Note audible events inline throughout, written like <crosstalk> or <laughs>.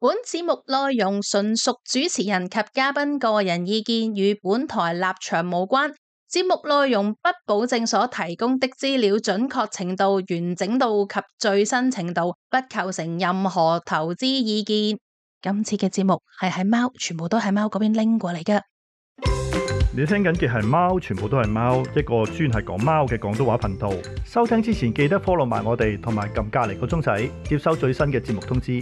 本節目內容純屬主持人及嘉賓個人意見，與本台立場無關。節目內容不保證所提供的資料準確程度、完整度及最新程度，不構成任何投資意見。今次嘅節目係喺貓，全部都係貓嗰邊拎過嚟㗎。你聽緊嘅係貓，全部都係貓，一個專係講貓嘅廣東話頻道。收聽之前記得 follow 埋我哋，同埋撳隔籬個鐘仔，接收最新嘅節目通知。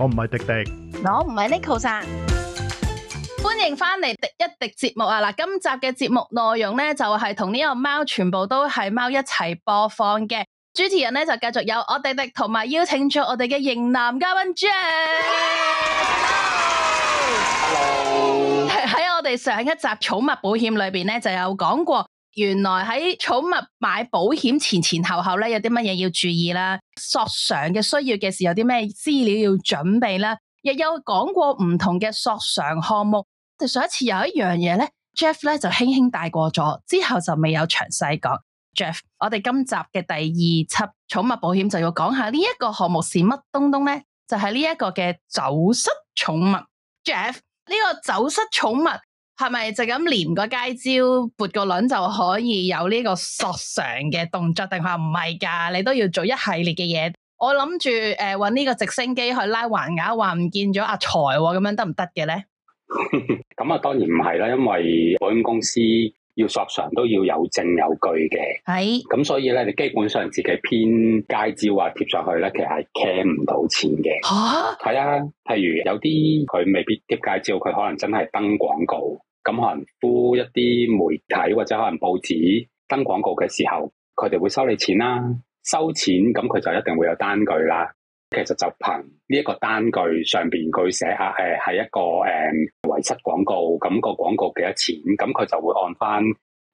我唔係迪迪，我唔係 Nicole 歡迎翻嚟迪一迪節目啊！嗱，今集嘅節目內容呢，就係同呢個貓全部都係貓一齊播放嘅，主持人呢，就繼續有我迪迪同埋邀請咗我哋嘅型男嘉賓 Jeff，a Yeah ! Hello，Hello！喺我哋上一集寵物保險裏面呢，就有講過。原來喺寵物買保險前前後後咧，有啲乜嘢要注意啦？索償嘅需要嘅時候有啲咩資料要準備啦？亦有講過唔同嘅索償項目。就上一次有一樣嘢咧，Jeff 咧就輕輕帶過咗，之後就未有詳細講。Jeff，我哋今集嘅第二輯寵物保險就要講下呢一個項目是乜東東咧？就係呢一個嘅走失寵物。Jeff，呢個走失寵物。係咪就咁連個街招，撥個輪就可以有呢個索償嘅動作？定係話唔係噶？你都要做一系列嘅嘢。我諗住誒，搵、呃、呢個直升機去拉橫額，話唔見咗阿財咁樣得唔得嘅咧？咁啊，當然唔係啦，因為保險公司要索償都要有證有據嘅。係是。咁所以咧，你基本上自己編街招啊貼上去咧，其實係 claim 唔到錢嘅。吓、啊。係啊，譬如有啲佢未必貼街招，佢可能真係登廣告。咁可能呼一啲媒體或者可能報紙登廣告嘅時候，佢哋會收你錢啦，收錢咁佢就一定會有單據啦。其實就憑呢一個單據上邊佢寫下係，係一個誒、嗯、遺失廣告咁、那個廣告幾多錢，咁佢就會按翻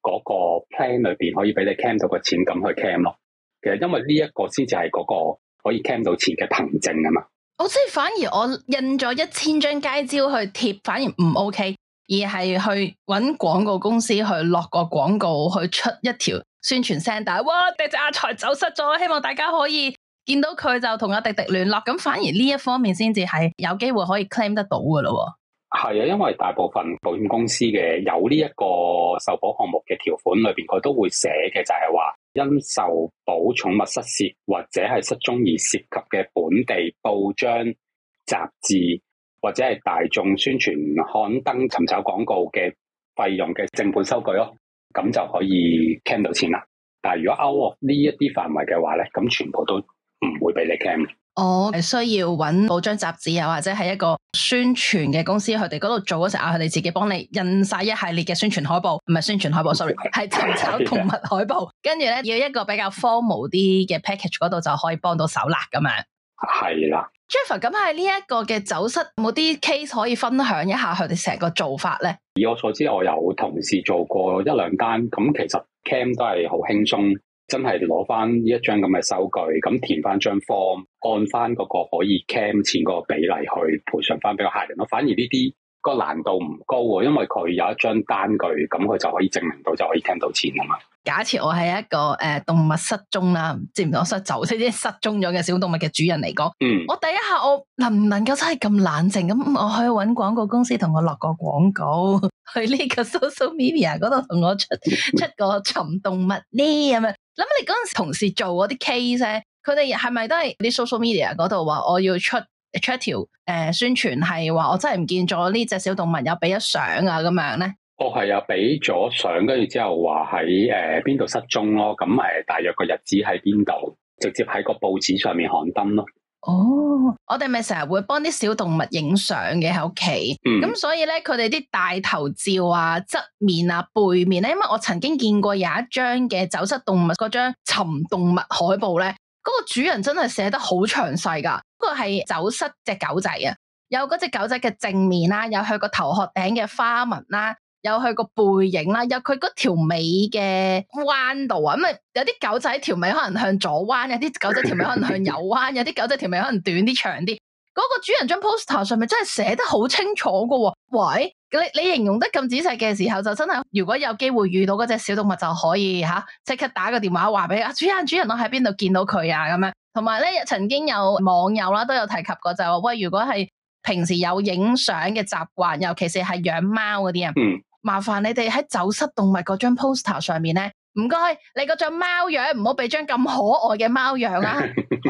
嗰個 plan 裏邊可以俾你 cam 到個錢咁去 cam 咯。其實因為呢一個先至係嗰個可以 cam 到錢嘅憑證啊嘛。我即係反而我印咗一千張街招去貼，反而唔 OK。而係去揾廣告公司去落個廣告，去出一條宣傳聲帶，哇，只隻阿財走失咗，希望大家可以見到佢就同阿迪迪聯絡，咁反而呢一方面先至係有機會可以 claim 得到噶咯係啊，因為大部分保險公司嘅有呢一個受保項目嘅條款裏邊，佢都會寫嘅就係話，因受保寵物失竊或者係失蹤而涉及嘅本地報章雜誌，或者係大眾宣傳刊登尋找廣告嘅費用嘅正本收據咯，咁就可以 claim 到錢啦。但係如果 out 呢一啲範圍嘅話咧，咁全部都唔會俾你 claim。我係需要揾報章雜誌啊，或者係一個宣傳嘅公司，佢哋嗰度做嗰時啊，佢哋自己幫你印晒一系列嘅宣傳海報，唔係宣傳海報，sorry，係尋找動物海報。跟住咧，要一個比較 formal 啲嘅 package 嗰度就可以幫到手啦咁樣。係啦 Jeff 咁喺呢一個嘅走失，有冇啲 case 可以分享一下佢哋成個做法咧？以我所知，我有同事做過一兩單，咁其實 cam 都係好輕鬆，真係攞翻呢一張咁嘅收據，咁填翻張 form，按翻嗰個可以 cam 錢嗰個比例去賠償翻俾個客人咯。反而呢啲個難度唔高，因為佢有一張單據，咁佢就可以證明到，就可以聽到錢嘛。假設我係一個誒、呃、動物失蹤啦，即係唔想走，即係失蹤咗嘅小動物嘅主人嚟講，嗯、我第一下我能唔能夠真係咁冷靜咁，我去揾廣告公司同我落個廣告，去呢個 social media 嗰度同我出出個尋動物呢？咁樣諗你嗰陣時同事做嗰啲 case 咧，佢哋係咪都係啲 social media 嗰度話我要出出條誒、呃、宣傳係話我真係唔見咗呢隻小動物，有俾咗相啊咁樣咧？哦，係啊，俾咗相，跟住之後話喺誒邊度失蹤咯，咁、呃、誒大約個日子喺邊度，直接喺個報紙上面刊登咯。哦，我哋咪成日會幫啲小動物影相嘅喺屋企，咁、嗯、所以咧，佢哋啲大頭照啊、側面啊、背面咧，因為我曾經見過有一張嘅走失動物嗰張尋動物海報咧，嗰、嗰個主人真係寫得好詳細噶，嗰個係走失隻狗仔啊，有嗰隻狗仔嘅正面啦，有佢個頭殼頂嘅花紋啦。有佢個背影啦，有佢嗰條尾嘅彎度啊，咁啊有啲狗仔條尾可能向左彎，有啲狗仔條尾可能向右彎，有啲狗仔條尾，尾可能短啲、長啲。嗰個主人張 poster 上面真係寫得好清楚噶喎，喂，你你形容得咁仔細嘅時候，就真係如果有機會遇到嗰隻小動物就可以嚇，即刻打個電話話俾啊主人，主人我喺邊度見到佢啊咁樣。同埋咧，曾經有網友啦都有提及過，就話喂，如果係平時有影相嘅習慣，尤其是係養貓嗰啲人。嗯麻煩你哋喺走失動物嗰張 poster 上面咧，唔該，你嗰張貓樣唔好俾張咁可愛嘅貓樣啊，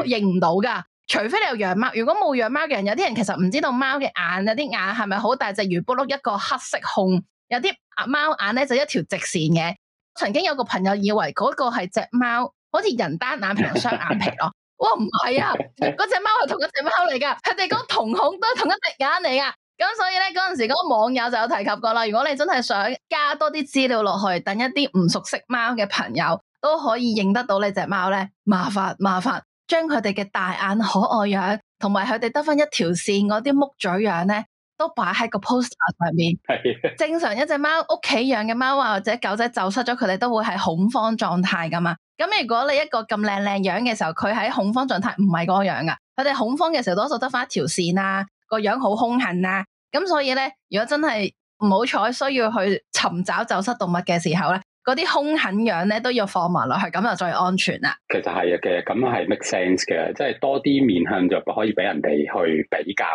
認唔到噶。除非你有養貓，如果冇養貓嘅人，有啲人其實唔知道貓嘅眼，有啲眼係咪好大隻，如玻璃一個黑色控。有啲貓眼咧就一條直線嘅。曾經有個朋友以為嗰個係隻貓，好似人單眼皮雙眼皮咯。哇，哦，唔係啊，嗰隻貓係同一隻貓嚟噶，佢哋個瞳孔都係同一隻眼嚟噶。咁所以咧，嗰陣時嗰個網友就有提及過啦。如果你真係想加多啲資料落去，等一啲唔熟悉貓嘅朋友都可以認得到你隻貓咧，麻煩麻煩，將佢哋嘅大眼可愛樣，同埋佢哋得翻一條線嗰啲木嘴樣咧，都擺喺個 post 上面。 <laughs> 正常一隻貓屋企養嘅貓呀，或者狗仔走失咗，佢哋都會係恐慌狀態噶嘛。咁如果你一個咁靚靚樣嘅時候，佢喺恐慌狀態，唔係個樣噶。佢哋恐慌嘅時候，多數得翻一條線啦、啊。個樣好凶狠啦、啊、咁所以咧，如果真係唔好彩需要去尋找走失動物嘅時候咧，嗰啲凶狠樣咧都要放埋落去，咁就最安全啦。其實係嘅，咁係 make sense 嘅，即係多啲面向就可以俾人哋去比較，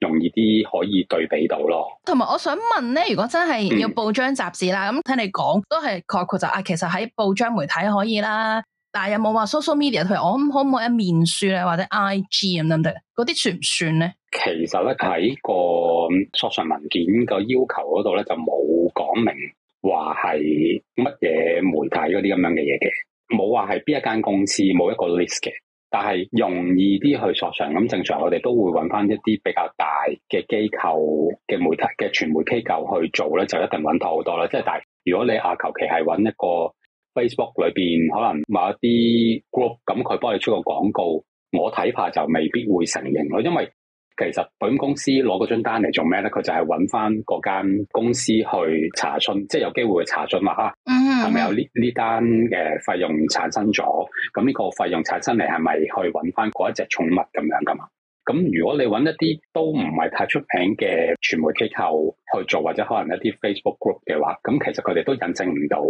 容易啲可以對比到咯。同埋，我想問咧，如果真係要報章雜誌啦，咁、嗯、聽你講都係概括就是、啊，其實喺報章媒體可以啦，但係有冇話 social media，譬如我可唔可以喺面書咧，或者 IG 咁樣嘅，嗰啲算唔算咧？其實咧喺個索償文件個要求嗰度咧，就冇講明話係乜嘢媒體嗰啲咁樣嘅嘢嘅，冇話係邊一間公司冇一個 list 嘅。但係容易啲去索償，咁正常我哋都會揾翻一啲比較大嘅機構嘅媒體嘅傳媒機構去做咧，就一定穩妥好多啦。即係但係如果你啊求其係揾一個 Facebook 裏邊可能某一啲 group，咁佢幫你出個廣告，我睇怕就未必會承認咯，因為。其實保險公司攞嗰張單嚟做咩咧？佢就係揾翻嗰間公司去查詢，即係有機會去查詢話啊，係咪、uh huh. 有呢呢單嘅費用產生咗？咁呢個費用產生嚟係咪去揾翻嗰一隻寵物咁樣噶嘛？咁如果你揾一啲都唔係太出名嘅傳媒機構去做，或者可能一啲 Facebook group 嘅話，咁其實佢哋都引證唔到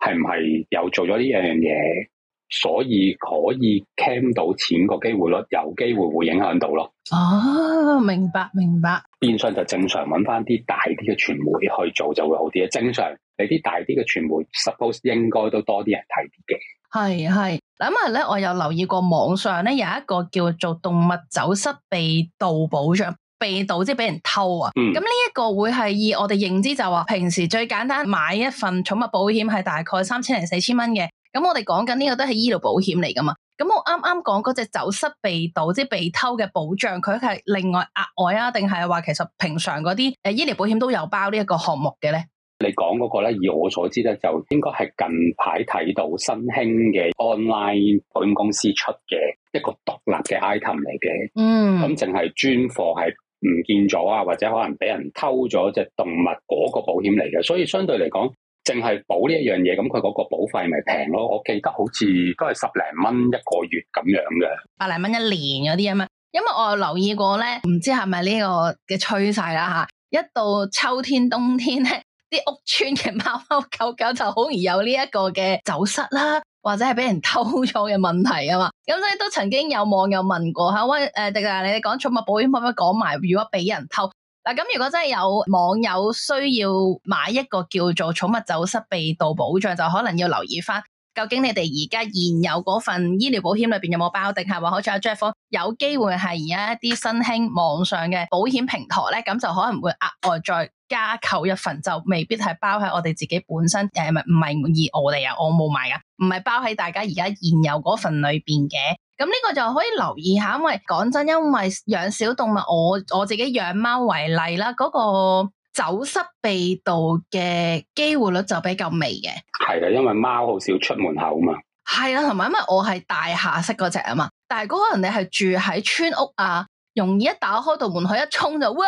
係唔係有做咗呢一樣嘢。所以可以 claim 到錢個機會率有機會會影響到咯。哦、啊，明白明白。變相就正常揾翻啲大啲嘅傳媒去做就會好啲啊。正常你啲大啲嘅傳媒 suppose 應該都應該多啲人睇啲嘅。係係，咁啊咧，我有留意過網上咧有一個叫做動物走失被盜保障，被盜即係俾人偷啊。咁呢一個會係以我哋認知就話平時最簡單買一份寵物保險係大概三千零四千蚊嘅。咁我哋講緊呢、這個都係醫療保險嚟㗎嘛？咁我啱啱講嗰隻、那個、走失、被盜、即係被偷嘅保障，佢係另外額外啊？定係話其實平常嗰啲誒醫療保險都有包呢一個項目嘅咧？你講嗰、那個咧，以我所知咧，就應該係近排睇到新興嘅 online 保險公司出嘅一個獨立嘅 item 嚟嘅。嗯，咁淨係專貨係唔見咗啊，或者可能俾人偷咗隻動物嗰個保險嚟嘅，所以相對嚟講。淨係保呢一樣嘢，咁佢嗰個保費咪平咯？我記得好似都係十零蚊一個月咁樣嘅，百零蚊一年嗰啲啊嘛。因為我有留意過咧，唔知係咪呢個嘅趨勢啦吓。一到秋天、冬天咧，啲屋村嘅貓貓狗狗就好易有呢一個嘅走失啦，或者係俾人偷咗嘅問題啊嘛。咁所以都曾經有網友問過吓，喂誒，迪啊，你哋講寵物保險，可唔可以講埋如果俾人偷？嗱，咁如果真係有網友需要買一個叫做寵物走失被盜保障，就可能要留意翻，究竟你哋而家現有嗰份醫療保險裏面有冇包，定係話好似阿 Jeff，有機會係而家一啲新興網上嘅保險平台咧，咁就可能會額外再加購一份，就未必係包喺我哋自己本身，誒，唔係以我哋啊，我冇買噶，唔係包喺大家而家現有嗰份裏面嘅。咁呢個就可以留意下，因為講真，因為養小動物，我我自己養貓為例啦，嗰個走失被盜嘅機會率就比較微嘅。係啦，因為貓好少出門口嘛。係啊，同埋因為我係大廈式嗰隻啊嘛，但係嗰個人哋係住喺村屋啊，容易一打開道門佢一衝就哇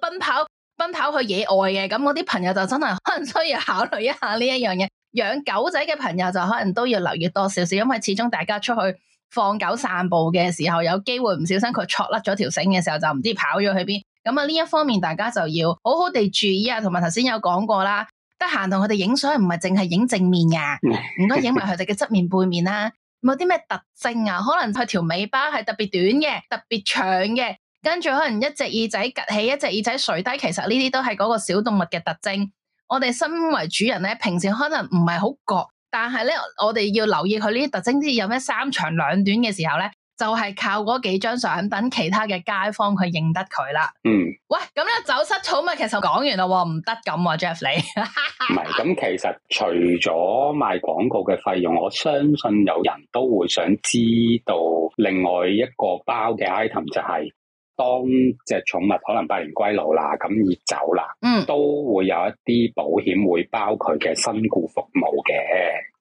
奔跑奔跑去野外嘅，咁我啲朋友就真係可能需要考慮一下呢一樣嘢。養狗仔嘅朋友就可能都要留意多少少，因為始終大家出去。放狗散步嘅時候，有機會唔小心佢錯甩咗條繩嘅時候，就唔知跑咗去邊。咁啊呢一方面，大家就要好好地注意啊。同埋頭先有講過啦，得閒同佢哋影相，唔係淨係影正面嘅、啊，唔該影埋佢哋嘅側面、背面啦、啊。冇啲咩特徵啊？可能佢條尾巴係特別短嘅、特別長嘅，跟住可能一隻耳仔趷起，一隻耳仔垂低。其實呢啲都係嗰個小動物嘅特徵。我哋身為主人咧，平時可能唔係好覺。但係咧，我哋要留意佢呢啲特徵之有咩三長兩短嘅時候咧，就係、是、靠嗰幾張相等其他嘅街坊去認得佢啦。嗯。喂，咁咧，走失寵物其實講完啦喎，唔得咁喎，Jeff 你。唔係，咁其實除咗賣廣告嘅費用， <laughs> 我相信有人都會想知道另外一個包嘅 item 就係、是。當隻寵物可能百年歸老啦，咁而走啦，嗯、都會有一啲保險會包佢嘅身故服務嘅。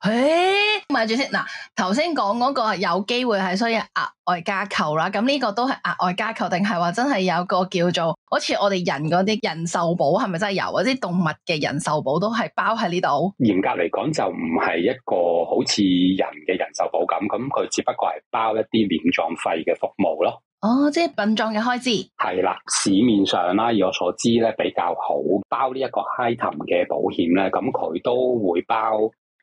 誒、欸，咪住先嗱，頭先講嗰個有機會係需要額外加購啦，咁呢個都係額外加購，定係話真係有個叫做好似我哋人嗰啲人壽保，係咪真係有嗰啲動物嘅人壽保都係包喺呢度？嚴格嚟講，就唔係一個好似人嘅人壽保咁，咁佢只不過係包一啲殮葬費嘅服務咯。哦，oh, 即係殯葬嘅開支。係啦，市面上啦，以我所知咧，比較好包呢一個 Hi-Ten 嘅保險咧，咁佢都會包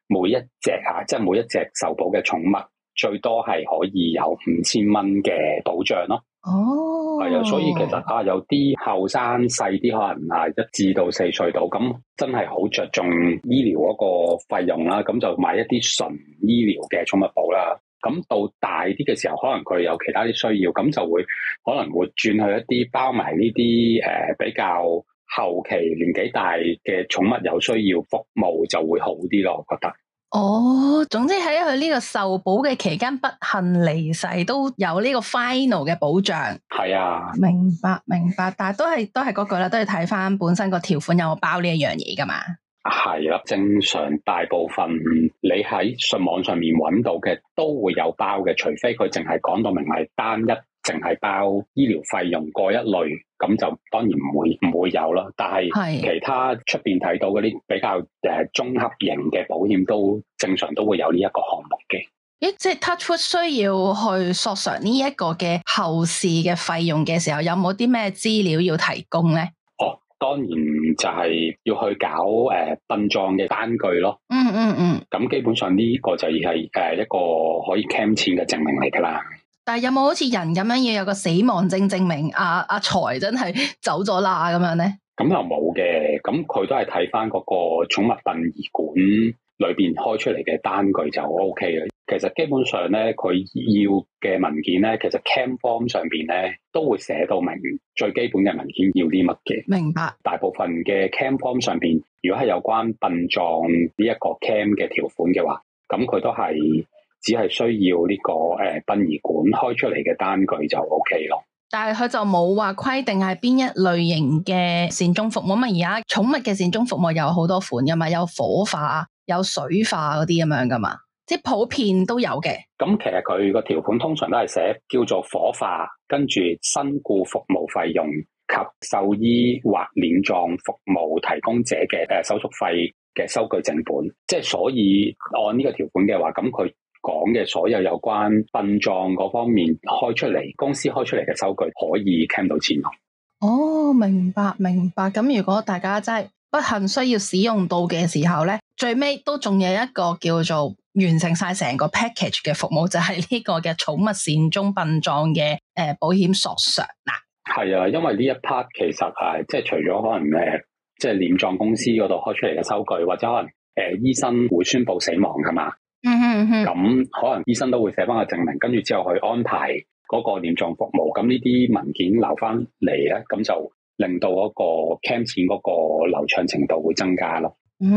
每一隻吓，即係每一隻受保嘅寵物，最多係可以有五千蚊嘅保障咯。哦，係啊，所以其實啊，有啲後生細啲可能啊，一至到四歲到，咁真係好着重醫療嗰個費用啦，咁就買一啲純醫療嘅寵物保啦。咁到大啲嘅時候，可能佢有其他啲需要，咁就會可能會轉去一啲包埋呢啲誒，比較後期年紀大嘅寵物有需要服務就會好啲咯，我覺得。哦，總之喺佢呢個受保嘅期間不幸離世都有呢個 final 嘅保障。係啊，明白明白，但係都係都係嗰句啦，都係睇翻本身個條款有冇包呢一樣嘢噶嘛。係啦，正常大部分你喺信網上面搵到嘅都會有包嘅，除非佢淨係講到明係單一，淨係包醫療費用嗰一類，咁就當然唔會唔會有啦。但係其他出邊睇到嗰啲比較誒綜合型嘅保險，都正常都會有呢一個項目嘅。咦，即係 Touch wood 需要去索償呢一個嘅後事嘅費用嘅時候，有冇啲咩資料要提供咧？當然就係要去搞誒殯、呃、葬嘅單據咯，嗯嗯嗯，咁、嗯嗯、基本上呢個就係、是、誒、呃、一個可以 claim 錢嘅證明嚟噶啦。但係有冇好似人咁樣要有個死亡證證明阿阿財真係走咗啦咁樣咧？咁又冇嘅，咁佢都係睇翻嗰個寵物殯儀館裏邊開出嚟嘅單據就 O K 嘅。其實基本上咧，佢要嘅文件咧，其實 claim form 上邊咧都會寫到明最基本嘅文件要啲乜嘅。明白。大部分嘅 claim form 上邊，如果係有關殯葬呢一個 claim 嘅條款嘅話，咁佢都係只係需要呢個誒殯儀館開出嚟嘅單據就 OK 咯。但係佢就冇話規定係邊一類型嘅善終服務啊嘛？而家寵物嘅善終服務有好多款噶嘛？有火化、有水化嗰啲咁樣噶嘛？即普遍都有嘅，咁其實佢個條款通常都係寫叫做火化，跟住身故服務費用及獸醫或殮葬服務提供者嘅誒手續費嘅收據正本。即係所以按呢個條款嘅話，咁佢講嘅所有有關殯葬嗰方面開出嚟，公司開出嚟嘅收據可以 claim 到錢咯。哦，明白明白。咁如果大家真係～不幸需要使用到嘅時候咧，最尾都仲有一個叫做完成晒成個 package 嘅服務，就係、是、呢個嘅寵物善終殯葬嘅誒保險索償啦。係啊，因為呢一 part 其實係即係除咗可能誒，即係殮葬公司嗰度開出嚟嘅收據，或者可能誒、呃、醫生會宣佈死亡噶嘛。嗯嗯咁可能醫生都會寫翻個證明，跟住之後去安排嗰個殮葬服務。咁呢啲文件留翻嚟咧，咁就。令到嗰個 claim 錢嗰個流暢程度會增加咯。嗯，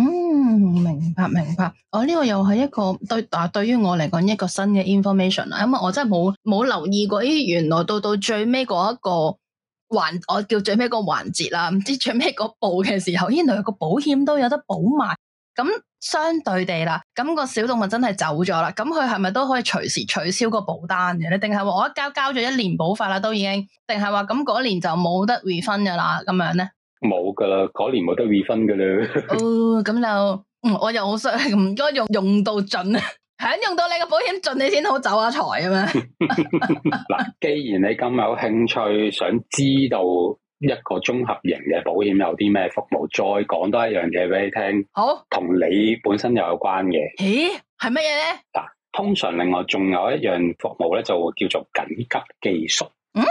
明白明白。哦，呢、這個又係一個對，啊，對於我嚟講一個新嘅 information 啦。因為我真係冇冇留意過，咦，原來到到最尾嗰一個環，我叫最尾個環節啦，唔知最尾個步嘅時候，原來有個保險都有得保埋。咁相對地啦，咁、那個小動物真係走咗啦，咁佢係咪都可以隨時取消個保單嘅咧？定係話我一交交咗一年保費啦，都已經，定係話咁嗰年就冇得 refund 噶啦，咁樣咧？冇噶啦，嗰年冇得 refund 噶啦。 <laughs> 哦，咁就我又好想唔該用用到盡啊，享用到你個保險盡你先好走下財啊嘛。嗱， <laughs> <laughs> 既然你咁有興趣，想知道。一個綜合型嘅保險有啲咩服務？再講多一樣嘢俾你聽。好，同你本身又有關嘅。咦？係乜嘢咧？嗱，通常另外仲有一樣服務咧，就會叫做緊急寄宿。嗯。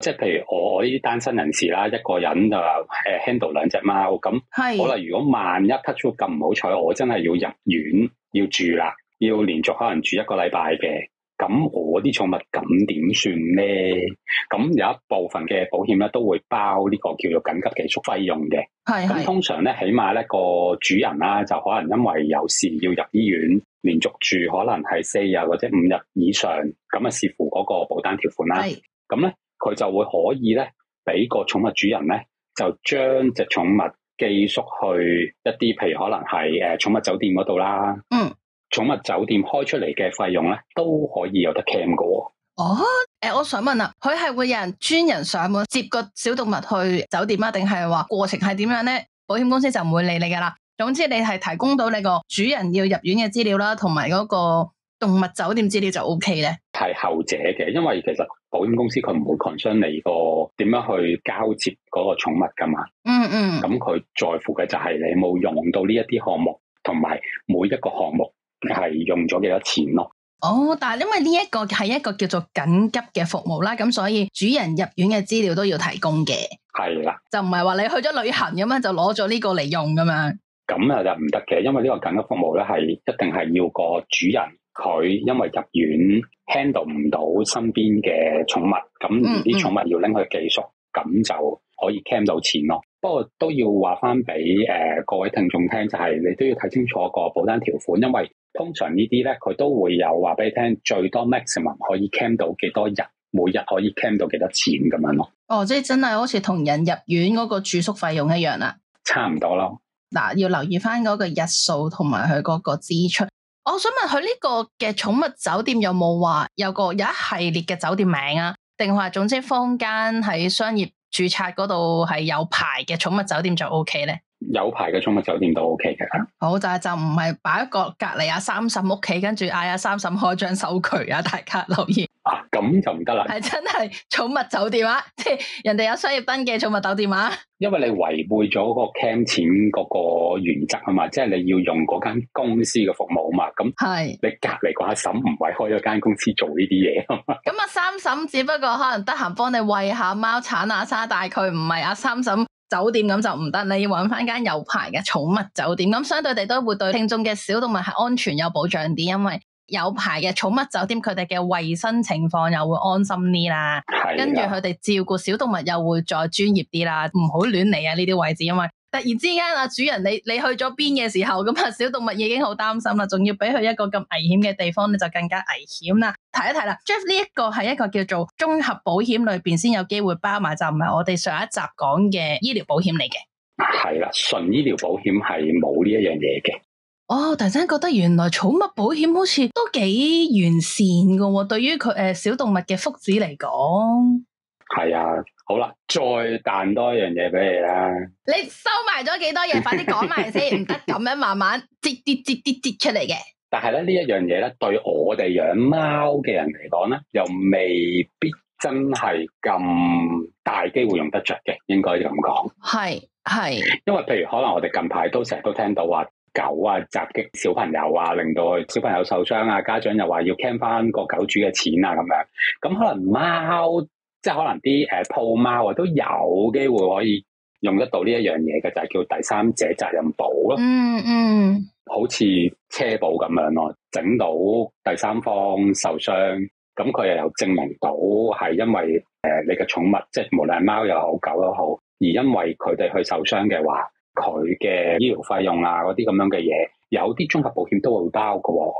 即係譬如我我呢啲單身人士啦，一個人就誒 handle 兩隻貓咁。係是。可能如果萬一 cut 咗咁唔好彩，我真係要入院要住啦，要連續可能住一個禮拜嘅。咁我啲寵物咁點算咧？咁有一部分嘅保險咧都會包呢個叫做緊急寄宿費用嘅。係係。咁通常咧，起碼咧個主人啦，就可能因為有事要入醫院，連續住可能係四日或者五日以上，咁啊視乎嗰個保單條款啦。係。咁咧，佢就會可以咧，俾個寵物主人咧，就將隻寵物寄宿去一啲，譬如可能係誒寵物酒店嗰度啦。嗯。寵物酒店開出嚟嘅費用咧，都可以有得 claim 哦。誒、哦呃，我想問啊，佢係會有人專人上門接個小動物去酒店啊？定係話過程係點樣咧？保險公司就唔會理你噶啦。總之你係提供到你個主人要入院嘅資料啦，同埋嗰個動物酒店資料就 O K 咧。係後者嘅，因為其實保險公司佢唔會 concern 你個點樣去交接嗰個寵物噶嘛。嗯嗯。咁佢在乎嘅就係你冇用到呢一啲項目，同埋每一個項目。係用咗幾多錢咯？哦，oh，但係因為呢一個係一個叫做緊急嘅服務啦，咁所以主人入院嘅資料都要提供嘅。係啦的，就唔係話你去咗旅行咁樣就攞咗呢個嚟用咁樣？咁啊就唔得嘅，因為呢個緊急服務咧係一定係要個主人佢因為入院 handle 唔到身邊嘅寵物，咁啲寵物要拎去寄宿，咁就。可以 cam 到錢咯，不過都要話翻俾誒各位聽眾聽，就係你都要睇清楚個保單條款，因為通常呢啲咧佢都會有話俾你聽，最多 maximum 可以 cam 到幾多日，每日可以 cam 到幾多錢咁樣咯。哦，即係真係好似同人入院嗰個住宿費用一樣啦，差唔多咯。嗱，要留意翻嗰個日數同埋佢嗰個支出。我想問佢呢個嘅寵物酒店有冇話有個有一系列嘅酒店名啊？定係話總之坊間喺商業，註冊嗰度係有牌嘅寵物酒店就 O K 咧，有牌嘅寵物酒店都 O K 嘅。好，但就係就唔係擺一個隔籬阿三嬸屋企，跟住嗌阿三嬸開張收據啊！大家留意。咁、啊、就唔得啦，係真係寵物酒店啊，即係人哋有商業登記寵物酒店啊，因為你違背咗個 cam 錢嗰個原則啊嘛，即係你要用嗰間公司嘅服務啊嘛，咁係你隔籬個阿嬸唔係開咗間公司做呢啲嘢，咁阿、嗯、三嬸只不過可能得閒幫你餵下貓、鏟下沙大，但係佢唔係阿三嬸酒店，咁就唔得，你要揾翻間有牌嘅寵物酒店，咁相對地都會對聽眾嘅小動物係安全有保障啲，因為。有牌嘅寵物酒店，佢哋嘅衛生情況又會安心啲啦。是的 跟住佢哋照顧小動物又會再專業啲啦。唔好亂嚟啊！呢啲位置，因為突然之間啊，主人你你去咗邊嘅時候，咁啊小動物已經好擔心啦，仲要俾佢一個咁危險嘅地方你就更加危險啦。睇一睇啦，Jeff 呢一個係一個叫做綜合保險裏邊先有機會包埋，就唔、是、係我哋上一集講嘅醫療保險嚟嘅。係啦，純醫療保險係冇呢一樣嘢嘅。哦，突然間覺得原來寵物保險好似都幾完善噶，對於佢誒、呃、小動物嘅福祉嚟講，係啊，好啦，再彈多一樣嘢俾你啦。你收埋咗幾多嘢？ <laughs> 快啲講埋先，唔得咁樣慢慢跌跌跌跌跌出嚟嘅。但係咧呢一樣嘢咧，對我哋養貓嘅人嚟講咧，又未必真係咁大機會用得着嘅，應該咁講。係係，係因為譬如可能我哋近排都成日都聽到話。狗啊，襲擊小朋友啊，令到小朋友受傷啊，家長又話要 claim 翻個狗主嘅錢啊，咁樣咁可能貓，即係可能啲誒，鋪、啊、貓啊，都有機會可以用得到呢一樣嘢嘅，就係、是、叫第三者責任保咯、嗯。嗯嗯，好似車保咁樣咯、啊，整到第三方受傷，咁佢又有證明到係因為誒、呃、你嘅寵物，即係無論係貓又好狗都好，而因為佢哋去受傷嘅話。佢嘅醫療費用啊，嗰啲咁樣嘅嘢，有啲綜合保險都會包噶、哦。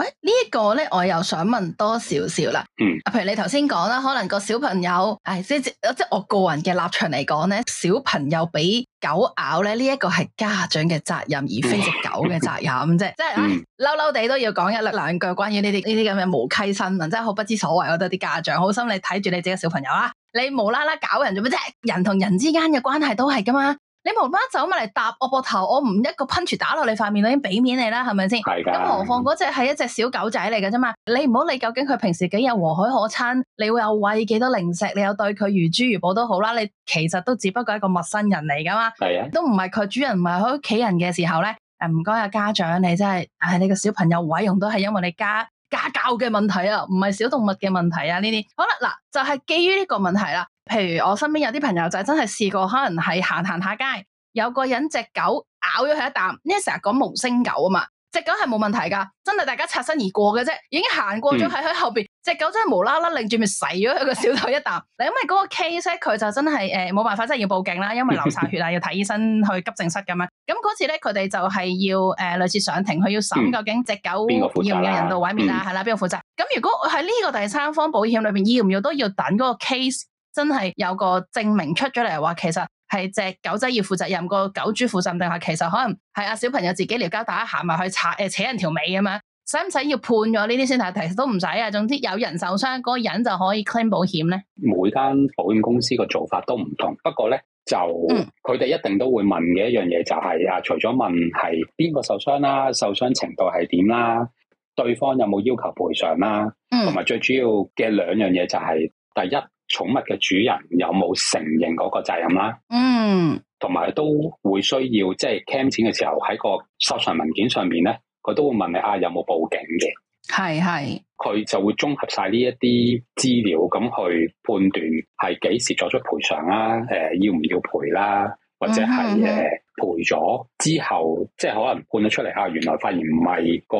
喂、欸，這個、呢一個咧，我又想問多少少啦。嗯，啊，譬如你頭先講啦，可能個小朋友，誒，即即即，即我個人嘅立場嚟講咧，小朋友俾狗咬咧，呢、這、一個係家長嘅責任，而非隻狗嘅責任啫。嗯、 <laughs> 即係，嬲嬲地都要講一兩句關於呢啲呢啲咁嘅無稽新聞，真係好不知所謂。我覺得啲家長好心你睇住你自己嘅小朋友啊，你無啦啦搞人做咩啫？人同人之間嘅關係都係噶嘛。你無端端走埋嚟搭我膊頭，我唔一個 punch 打落你塊面我已經俾面你啦，係咪先？係何況嗰隻係一隻小狗仔嚟嘅啫嘛。你唔好理究竟佢平時幾日和藹可親，你會有喂幾多零食，你又對佢如珠如寶都好啦。你其實都只不過係一個陌生人嚟噶嘛，係啊的，都唔係佢主人唔係佢屋企人嘅時候咧。誒，唔該啊，家長，你真係，唉，你個小朋友毀容都係因為你家家教嘅問題啊，唔係小動物嘅問題啊，呢啲。好啦，嗱，就係基於呢個問題啦。譬如我身邊有啲朋友就真係試過可能係行行下街，有個人隻狗咬咗佢一啖。呢成日講無聲狗啊嘛，隻狗係冇問題噶，真係大家擦身而過嘅啫，已經行過咗喺佢後邊，隻、嗯、狗真係無啦啦擰住面噬咗佢個小腿一啖。嗯、因為嗰個 case 佢就真係誒冇辦法，真係要報警啦，因為流晒血啊， <laughs> 要睇醫生去急症室咁樣。咁嗰次咧，佢哋就係要誒、呃、類似上庭，佢要審究竟隻狗、嗯、要唔要人道毀滅啊？係啦，邊個負責？咁、嗯嗯、如果喺呢個第三方保險裏邊，要唔要都要等嗰個 case。真係有個證明出咗嚟，話其實係隻狗仔要負責任，個狗主負責，定係其實可能係阿小朋友自己撩大家行埋去拆誒扯人條尾咁樣，使唔使要判咗呢啲先？但係其實都唔使啊。總之有人受傷，嗰個人就可以 claim 保險咧。每間保險公司個做法都唔同，不過咧就佢哋一定都會問嘅一樣嘢就係啊，除咗問係邊個受傷啦，受傷程度係點啦，對方有冇要求賠償啦，同埋、嗯、最主要嘅兩樣嘢就係第一。寵物嘅主人有冇承認嗰個責任啦？嗯，同埋都會需要即係 claim 錢嘅時候，喺個索償文件上面咧，佢都會問你啊，有冇報警嘅？係係是，佢就會綜合晒呢一啲資料，咁去判斷係幾時作出賠償啦，誒、呃，要唔要賠啦，或者係誒、嗯呃、賠咗之後，即、就、係、是、可能判咗出嚟啊，原來發現唔係個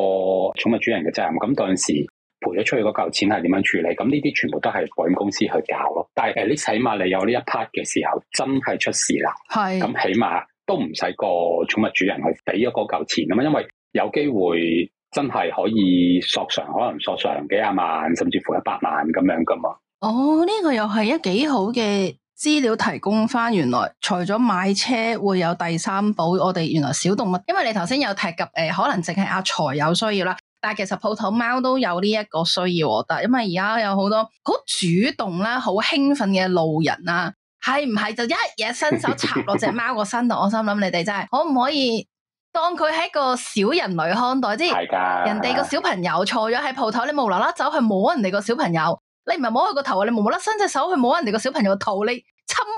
寵物主人嘅責任，咁嗰陣時，賠咗出去嗰嚿錢係點樣處理？咁呢啲全部都係保險公司去搞咯。但係誒，你起碼你有呢一 part 嘅時候，真係出事啦。係咁是，起碼都唔使個寵物主人去俾咗個嚿錢咁嘛，因為有機會真係可以索償，可能索償幾廿萬，甚至乎一百萬咁樣噶嘛。哦，呢、這個又係一幾好嘅資料提供翻。原來除咗買車會有第三保，我哋原來小動物，因為你頭先有提及，誒、呃，可能淨係阿財有需要啦。但係其實鋪頭貓都有呢一個需要，我覺得，因為而家有好多好主動啦、好興奮嘅路人啦，係唔係就一嘢伸手插落隻貓個身度？ <laughs> 我心諗你哋真係可唔可以當佢係一個小人類看待？即係的人哋個小朋友坐咗喺鋪頭，你無啦啦走去摸人哋個小朋友，你唔係摸佢個頭啊？你無啦啦伸隻手去摸人哋個小朋友個頭，你侵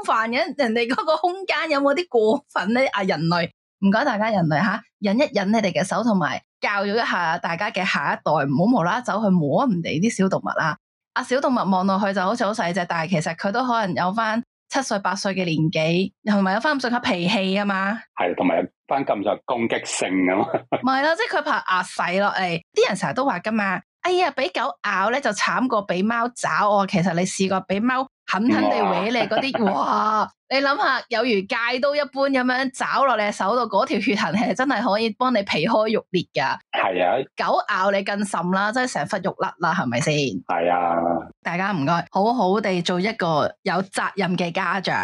犯人人哋嗰個空間有冇啲過分咧？啊，人類唔該大家人類吓忍一忍你哋嘅手同埋。教育一下大家嘅下一代，唔好無啦啦走去摸人哋啲小動物啊！啊，小動物望落去就好似好細隻，但係其實佢都可能有翻七歲八歲嘅年紀，同埋有翻咁上下脾氣啊嘛。係，同埋有翻咁上下攻擊性啊嘛。唔係啦，即係佢怕壓死落嚟。啲人成日都話噶嘛，哎呀，俾狗咬咧就慘過俾貓爪哦。其實你試過俾貓，狠狠地搲你嗰啲，哇！你諗下，有如戒刀一般咁樣爪落你手度嗰條血痕，係真係可以幫你皮開肉裂噶。係啊，狗咬你更甚啦，真係成忽肉甩啦，係咪先？係啊，大家唔該，好好地做一個有責任嘅家長。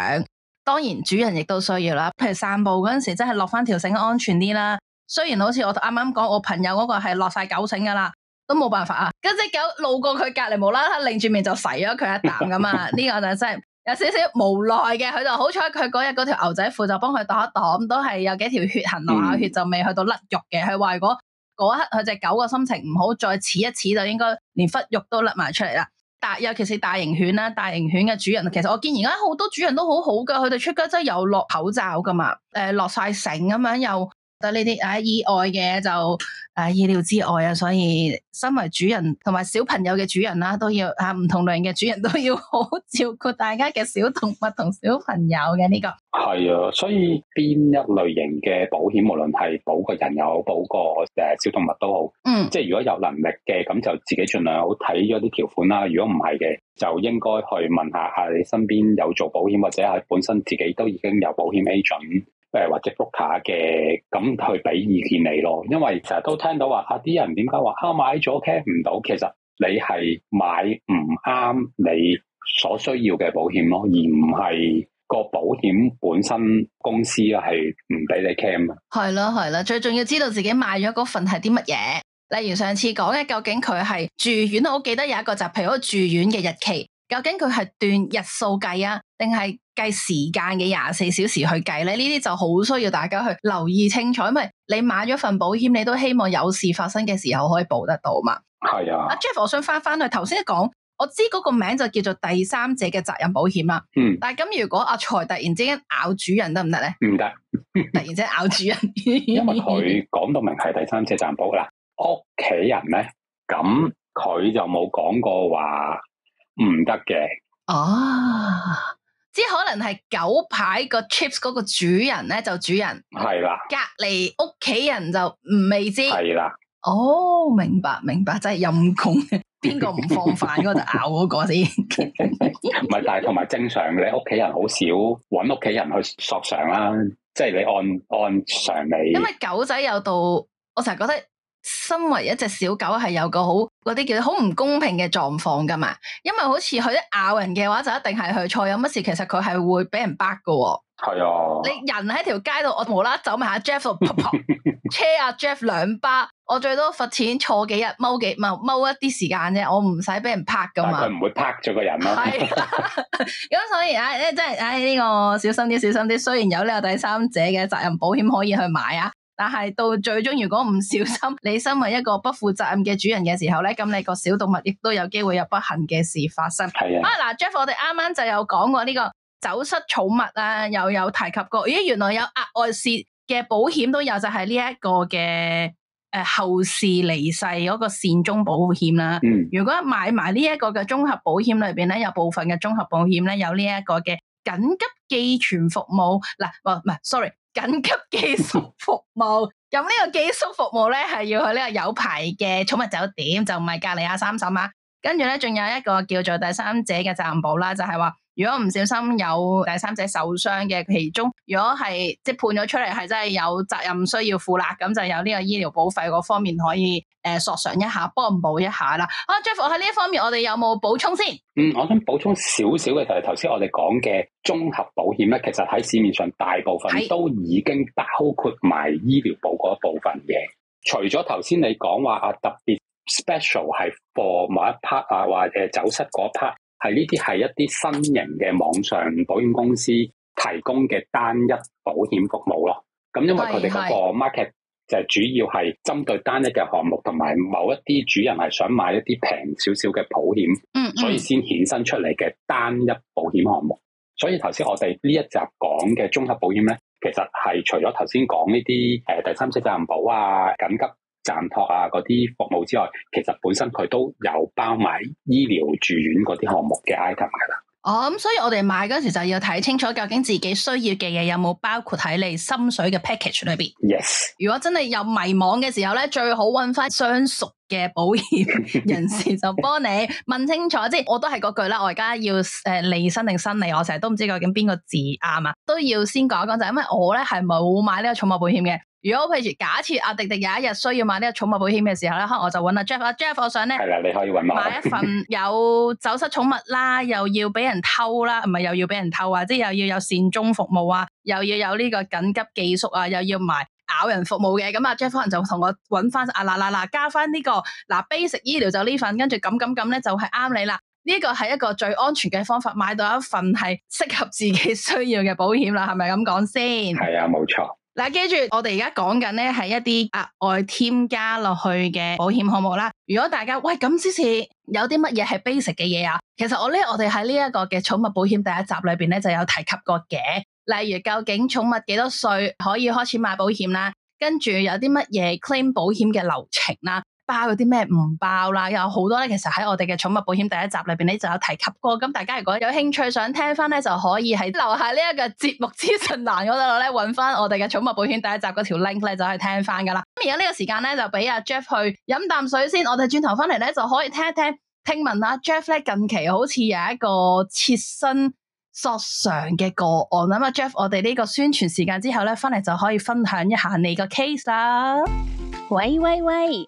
當然，主人亦都需要啦。譬如散步嗰陣時，真係落翻條繩安全啲啦。雖然好似我啱啱講，我朋友嗰個係落晒狗繩噶啦。都冇辦法啊！嗰隻狗路過佢隔籬，無啦啦擰住面就洗咗佢一啖咁啊！呢 <laughs> 個就真係有少少無奈嘅。佢就好彩，佢嗰日嗰條牛仔褲就幫佢擋一擋，都係有幾條血痕，落下、嗯、血就未去到甩肉嘅。佢話如果嗰刻佢隻狗嘅心情唔好，再似一似就應該連忽肉都甩埋出嚟啦。但尤其是大型犬啦，大型犬嘅主人，其實我見而家好多主人都好好噶，佢哋出街真係有落口罩噶嘛，誒、呃、落晒繩咁樣又。對呢啲啊意外嘅就啊、哎、意料之外啊，所以身為主人同埋小朋友嘅主人啦，都要啊唔同類型嘅主人都要好照顧大家嘅小動物同小朋友嘅，呢、個係啊，所以邊一類型嘅保險，無論係保個人又好，保個誒小動物都好，嗯，即係如果有能力嘅，咁就自己盡量好睇咗啲條款啦。如果唔係嘅，就應該去問下下你身邊有做保險或者係本身自己都已經有保險 agent。誒，或者 broker 嘅咁去俾意見你咯，因為成日都聽到話啊，啲人點解話啊買咗 claim 唔到，其實你係買唔啱你所需要嘅保險咯，而唔係個保險本身公司係唔俾你 claim 啊。係咯，係啦，最重要知道自己買咗嗰份係啲乜嘢，例如上次講嘅，究竟佢係住院，我記得有一個就係譬如住院嘅日期。究竟佢係段日數計啊，定係計時間嘅廿四小時去計咧？呢啲就好需要大家去留意清楚，因為你買咗份保險，你都希望有事發生嘅時候可以保得到嘛。係啊的。阿 Jeff，我想翻翻去頭先一講，我知嗰個名就叫做第三者嘅責任保險啦。嗯。但係咁，如果阿財突然之間咬主人得唔得咧？唔得，不行 <laughs> 突然之間咬主人。 <laughs> 因為佢講到明係第三者責保保啦，屋企人咧，咁佢就冇講過話。唔得嘅哦，即係可能係狗牌個 chips 嗰個主人咧，就主人係啦，隔籬屋企人就唔未知係啦。的哦，明白明白，真係陰公，邊個唔放飯嗰度就咬嗰個先。唔係，但係同埋正常，你屋企人好少揾屋企人去索償啦，即係你按按常理。因為狗仔有道，我成日覺得身為一隻小狗係有個好。嗰啲叫好唔公平嘅狀況噶嘛，因為好似佢咬人嘅話，就一定係佢錯。有乜事其實佢係會俾人拍㗎喎。係噶。係啊，你人喺條街度，我無啦啦走埋阿 Jeff 度，啪啪車阿 Jeff 兩巴，我最多罰錢坐幾日，踎幾，咪踎一啲時間啫，我唔使俾人拍噶嘛。但係佢唔會拍咗個人咯、啊是啊。咁、 <laughs> 嗯、所以唉，真係唉呢個小心啲，小心啲。雖然有呢個第三者嘅責任保險可以去買啊。但係到最終，如果唔小心，你身為一個不負責任嘅主人嘅時候咧，咁你個小動物亦都有機會有不幸嘅事發生。係的啊。啊嗱，Jeff，我哋啱啱就有講過呢個走失寵物啊，又有提及過，咦，原來有額外事嘅保險都有，就係呢一個嘅誒、呃、後事離世嗰個善終保險啦、啊。嗯。如果買埋呢一個嘅綜合保險裏邊咧，有部分嘅綜合保險咧有呢一個嘅。緊急寄存服務嗱，唔、啊、唔，sorry，緊急寄宿服務。咁呢 <laughs> 個寄宿服務咧，係要去呢個有牌嘅寵物酒店，就唔係隔籬阿三嬸啊。跟住咧，仲有一個叫做第三者嘅責任保啦，就係話。如果唔小心有第三者受傷嘅，其中如果係即判咗出嚟係真係有責任需要負啦，咁就有呢個醫療保費嗰方面可以誒索償一下，幫唔補一下啦。好，Jeff 喺呢一方面，我哋有冇補充先？嗯，我想補充少少嘅就係頭先我哋講嘅綜合保險咧，其實喺市面上大部分都已經包括埋醫療保嗰一部分嘅。除咗頭先你講話啊特別 special 係 for 某一 part 啊，或者走失嗰 part。係呢啲係一啲新型嘅網上保險公司提供嘅單一保險服務咯。咁因為佢哋嗰個 market 就係主要係針對單一嘅項目，同埋某一啲主人係想買一啲平少少嘅保險，嗯，所以先衍生出嚟嘅單一保險項目。所以頭先我哋呢一集講嘅綜合保險咧，其實係除咗頭先講呢啲誒第三者責任保啊、緊急。暫托啊，嗰啲服務之外，其實本身佢都有包埋醫療住院嗰啲項目嘅 item 噶啦。哦，咁、嗯、所以我哋買嗰時候就要睇清楚，究竟自己需要嘅嘢有冇包括喺你心水嘅 package 裡邊。Yes。如果真係有迷茫嘅時候咧，最好揾翻相熟嘅保險 <laughs> 人士就幫你問清楚。即係我都係嗰句啦，我而家要誒、呃、利申定申利，我成日都唔知究竟邊個字啱啊，都要先講一講。就係、因為我咧係冇買呢個寵物保險嘅。如果譬如假設阿迪迪有一日需要買呢個寵物保險嘅時候咧，可能我就揾阿 Jeff，阿 Jeff 我想咧係啦，你可以揾我買一份有走失寵物啦， <laughs> 又要俾人偷啦，唔係又要俾人偷啊，即係又要有善終服務啊，又要有呢個緊急寄宿啊，又要埋咬人服務嘅，咁啊 Jeff 可能就同我揾翻啊嗱嗱嗱，加翻呢、這個嗱、啊、basic 醫療就呢份，跟住咁咁咁咧就係啱你啦。呢個係一個最安全嘅方法，買到一份係適合自己需要嘅保險啦，係咪咁講先？係啊，冇錯。嗱，但記住，我哋而家講緊咧係一啲額外添加落去嘅保險項目啦。如果大家喂，咁之前有啲乜嘢係 basic 嘅嘢啊，其實我呢，我哋喺呢一個嘅寵物保險第一集裏面咧就有提及過嘅，例如究竟寵物幾多歲可以開始買保險啦，跟住有啲乜嘢 claim 保險嘅流程啦。包嗰啲咩唔包啦，有好多咧。其實喺我哋嘅寵物保險第一集裏邊咧就有提及過。咁大家如果有興趣想聽翻咧，就可以喺留下呢一個節目資訊欄嗰度咧，搵翻我哋嘅寵物保險第一集嗰條 link 咧，就可以聽翻噶啦。咁而家呢個時間咧，就俾阿 Jeff 去飲啖水先。我哋轉頭翻嚟咧，就可以聽一聽聽聞阿 Jeff 咧近期好似有一個切身索償嘅個案啊嘛。咁阿 Jeff，我哋呢個宣傳時間之後咧，翻嚟就可以分享一下你個 case 啦。喂喂喂！